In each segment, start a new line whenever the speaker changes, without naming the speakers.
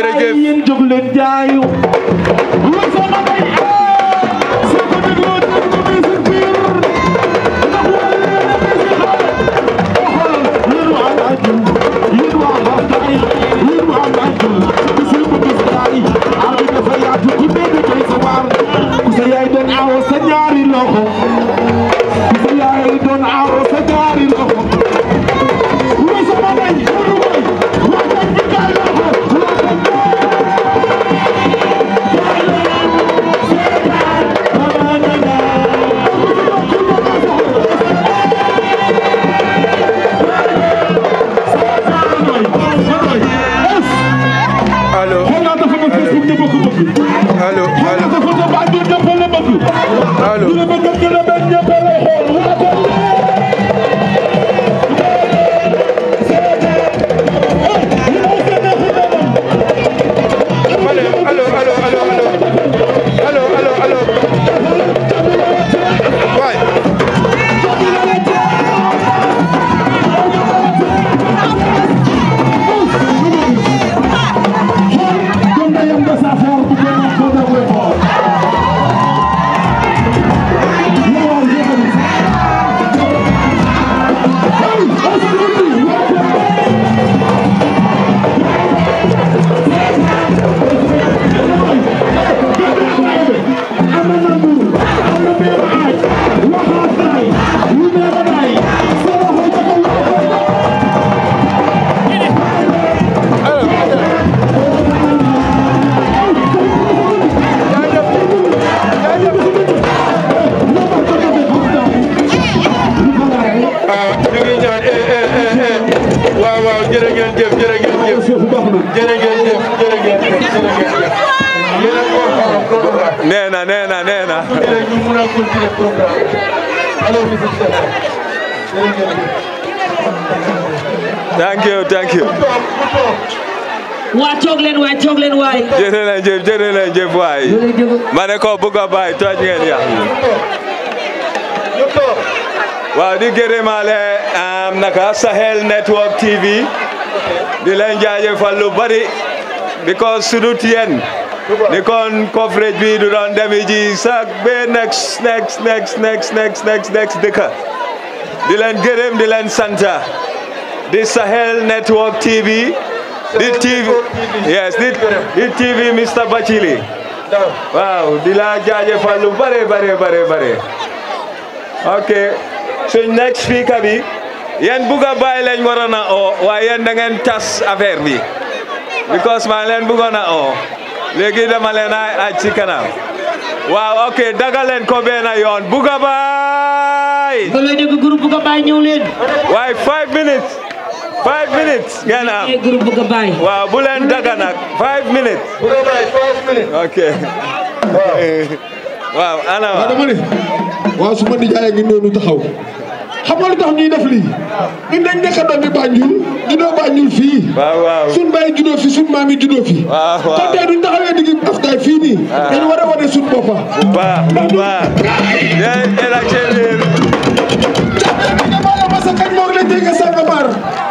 jërëjëf yéen jóg leen jaayu Who's the money?
jërë ngeen jëf jërë ngeen jëf jërë ngeen jëf jërë ngeen jëf jërë ngeen jëf yéen a ko xam programme nee na nee na nee na ñu mën a continuer programme alors ñu fi jërë ngeen jëf thank you thank you
waa toog leen waay toog leen waay
jërë leen jëf jërë leen jëf waay ma ne ko bëgg a bàyyi toj ngeen yàq waaw di gërëmaale am naka Sahel Network TV di leen jaajëfal lu bari because sudut yéen ni kon coverage bi du doon demi ji sac ba next next next next next di leen gërëm di leen santa di Sahel Network TV di TV yes di TV Mr Bacili waaw di la jaajëfal lu bare bare bare bare ok suñ next speaker bi yen bugg a bàyyi lañ waroon o oo yen da ngeen tass affaire bi because ma len buggoon a oo léegi dama len ay ci kanam waaw ok daga leen ko benn yon bugg a bàyyi. nga lay dégg groupe bugg a bàyyi ñëw leen. waaye five minutes 5 minutes ngeen am. groupe bugg a bàyyi. waaw bu len daga nak 5 minutes. bugg a bàyyi five minutes. ok. waaw ana. waaw dama ne waaw su ma nijaayee ngi noonu taxaw xam nga lu tax ñuy def lii ñun dañ nekk doon Banjul dino Banjul fi. waaw waaw suñ bàyyi juddoo fi suñ maam yi ada fii. waaw waaw kon tey duñ taxawee digg afkaay fii nii. waaw dañu war a wane suñ boppa. waaw waaw. yéen El Hadj Elhéré. jàppee bi nga mën a mos a kañ moom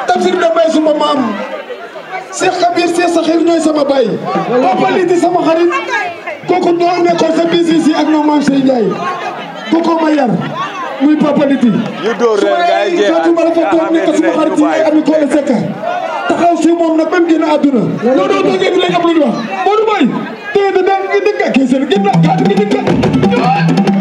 tafsir sama Papa Lidi sama xarit. kooku ñoo nekkoon sa business yi ak ñoom muy Papa Nitty. yu dóor leen gars yi jeex na taxaw si moom nag même génn àdduna. loolu doon boo génn léegi am lu ñu wax Modou Mbaye. tey da nga dëkk ak kii seen génn ak kàddu gi dëkk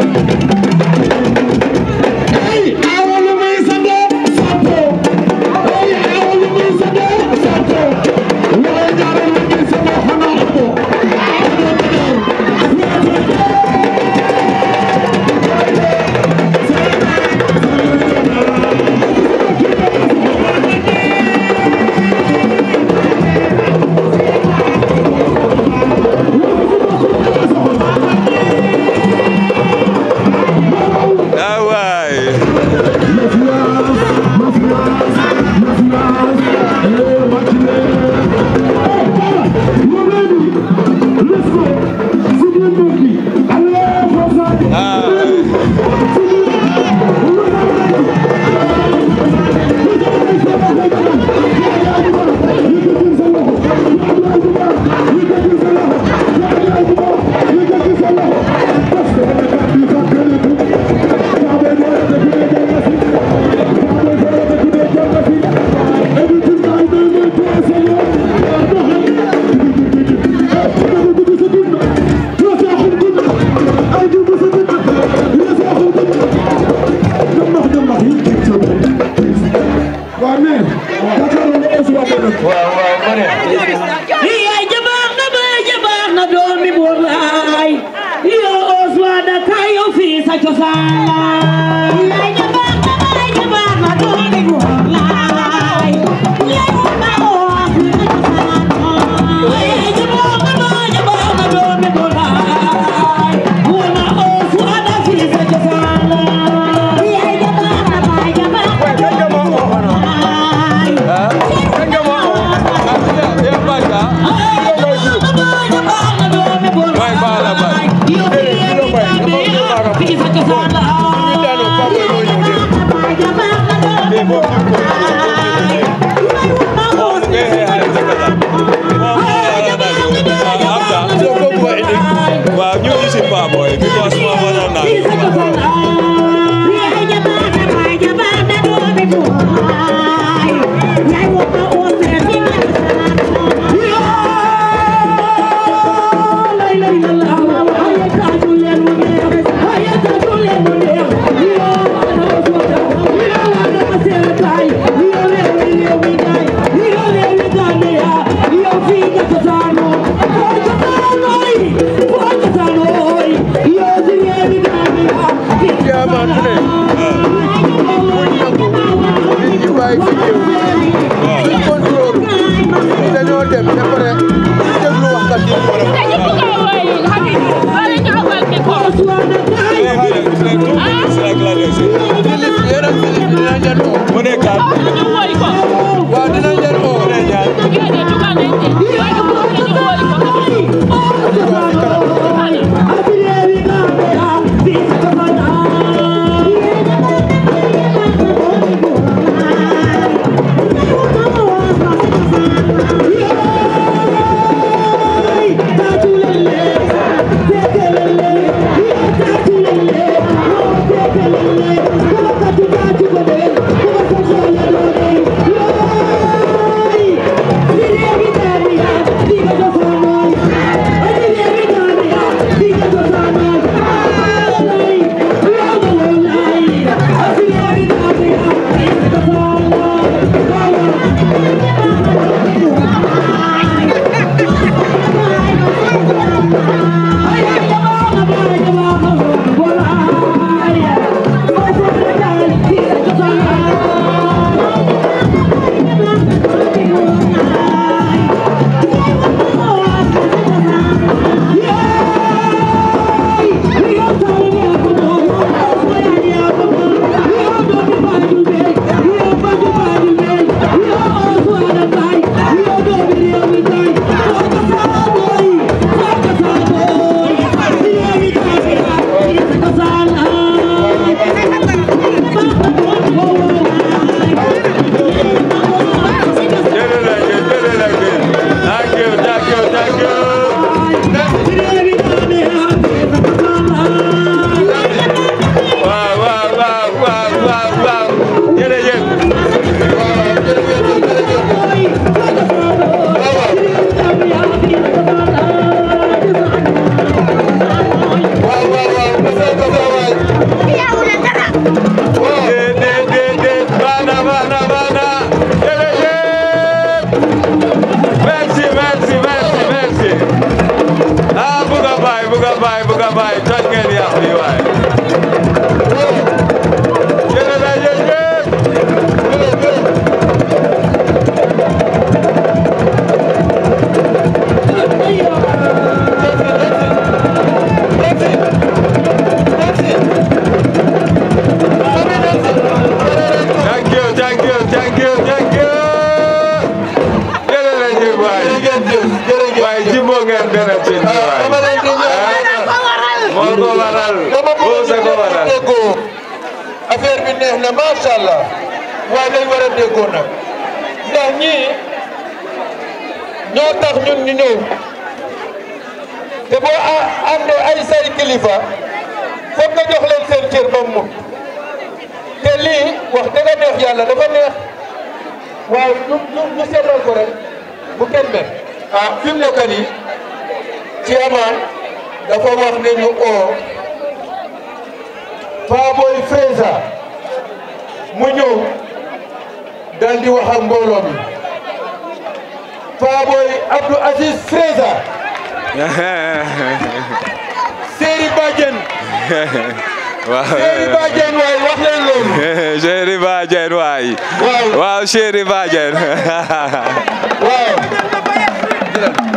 boy because
cër ba mu te lii wax dëgg neex yàlla dafa neex waaye ñu ñu ñu seetal rek bu kenn mel. ah fi mu nekk nii dafa wax ne ñu oo Faboy Freza mu ñëw daal di wax ak mbooloo mi Faboy Abdou Aziz Freza.
Seri waaw chéri Badiane waay wax leen loolu. chéri Badiane waay. waaw waaw chéri Badiane waaw.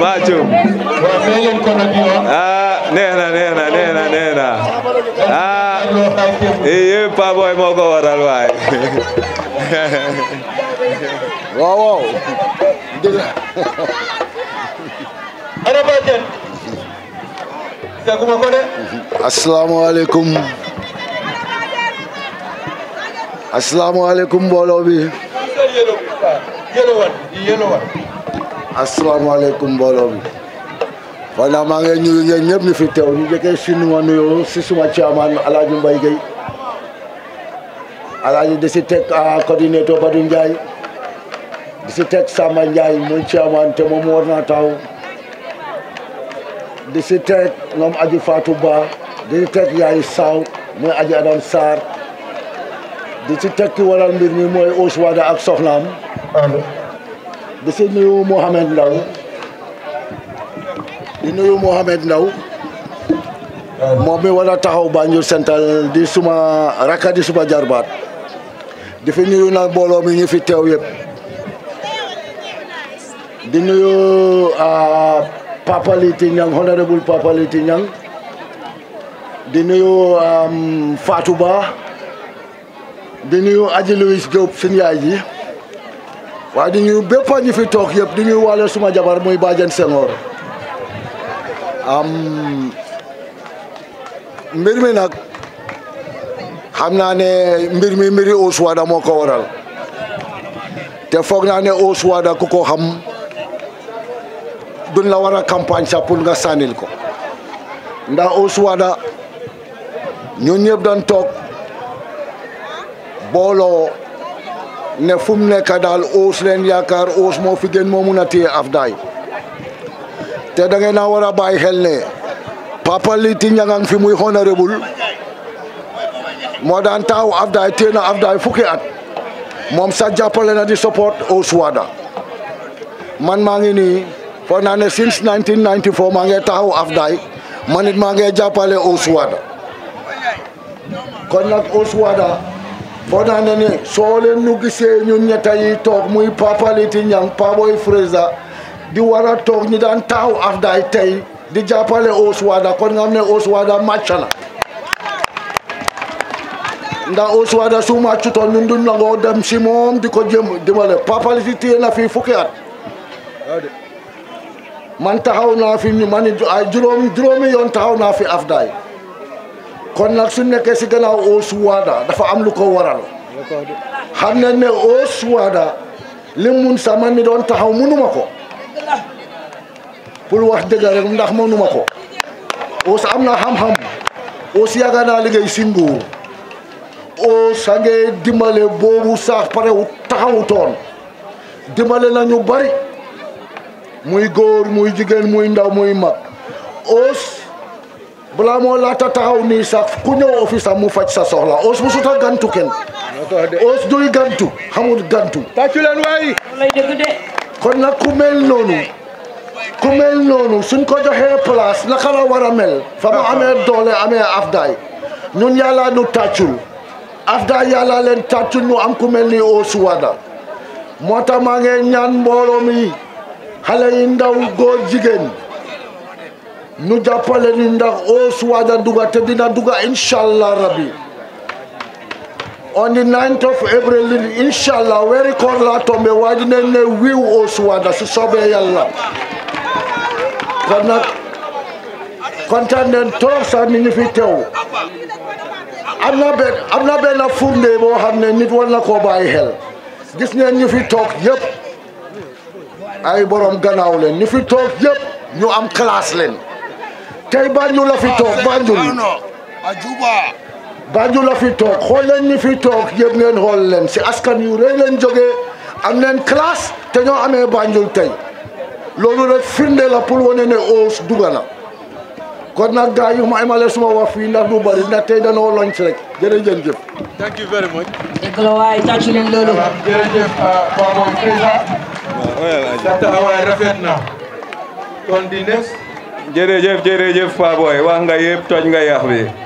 maa juum. nee na nee na nee na nee na ah yëpp ah, eh, eh, Paa Boy moo ko waral waay.
waaw waaw. dëgg la. ana Boy Diène. mbooloo bi. asalaamaaleykum mbooloo mi kon naa maa ngi nuyu yéen ñëpp fi teew ñu jëkkee si nu ma nuyoo si suma caaman Alaaji Mbay Gey Alaaji di si teg ah, coordinateur Badou Ndiaye di si teg Samba Ndiaye muy caaman te moom war naa taw di si teg ñoom Aji Fatou Ba di si teg Yaay Saw muy Aji Adam Sarr di si teg ki waral mbir mi mooy Ouswada ak soxnaam. de ce nuyu Mohamed Ndaw di nuyu Mohamed Ndaw moom wala taxaw Central di suma rakka di suma jarbaat di fi nuyu nag mbooloo mi ñu fi teew yëpp di nuyu Papa Liti Ñang honorable Papa Liti Ñang di nuyu Fatou Ba di nuyu Aji Louis Diop suñu yaay wa di ñu bépp ñu fi tok yëpp di ñu walé suma jabar muy bàjjan Senghor am mbir mi nak xamna né mbir mi mbiri Ouswada da moko waral te na né o Ouswada da kuko xam duñ la wara campagne sa pour nga sanil ko ndax da ñun ñëpp dañ tok bolo ne fu mu nekk daal leen yaakaar oos moo fi gën moo mun a Afdaay te da ngeen a war a bàyyi xel ne Papa Liti Nyangang fi muy honorable moo daan taaw Afdaay téye Afdaay fukki at moom sa jàppale na di support oos waada man maa ngi nii foog naa ne since 1994 maa ngi taxaw Afdaay man maa ngi jàppale oos waada kon nag oos waada foo naa ne ne soo leen nu gisee ñun ñetta yi toog muy Papa Liti Niang Paboy di war toog ñi daan taaw Afdaay tey di jàppale Oswada kon nga xam ne Oswada màcc na ndax Oswada su màccutoon ñun duñ nangoo dem si moom di ko jëm dimbale Papa Liti téye na fii fukki at man taxaw naa fi ñu man juróom juróomi yoon taxaw naa fi Afdaay kon nag suñ nekkee si gannaaw au dafa am lu ko waral xam nañ ne au limun li mun sa man mi doon taxaw munuma ko pour wax dëgg rek ndax mënuma ko aussi am na xam-xam aussi yàgg naa liggéey si nguur aussi bobu dimbale boobu wu pare ton dimale nañu bari muy góor muy jigen muy ndaw muy mak os balaa moo laata taxaw nii sax ku ñëw office mu faj sa soxla Ose mu suta gantu kenn Ose duy gantu xamul gàntu tàccu leen waay kon nag ku mel noonu ku mel noonu suñ ko joxee place na la war a mel fa mu amee doole amee afdaay ñun yàlla nu tàccul afdaay yàlla leen tàccul ñu am ku mel ni Ose Wada moo tax maa ngi ñaan mbooloo mi xale ndaw góor jigéen nu jàppale ni ndax oos waaj a te dina duga inshallah rabbi on the 9th of April inshallah weeri koor laa tombe waaj ne ne wiiw oos waada su soobee yàlla kon nag kontaan nañ fi teew am na benn am na benn firnde boo xam ne nit war na koo bàyyi xel gis ngeen ñu fi toog yëpp ay borom gannaaw leen ñu fi toog yëpp ñu am classe leen tey Banjul a fi ah, toog Banjul Banjul la fi toog xool leen ñi fi toog ngeen xool leen si askan yu rëy leen jógee am leen classe te ñoo amee Banjul tey loolu rek firnde la pour wane ne oos duga na kon nag gars ma emale suma wax fii du bari ndax tey danoo lonc rek jërëjëf
jëf jërëjëf jërëjëf Paa Boy wax nga yëpp tooj nga yax bi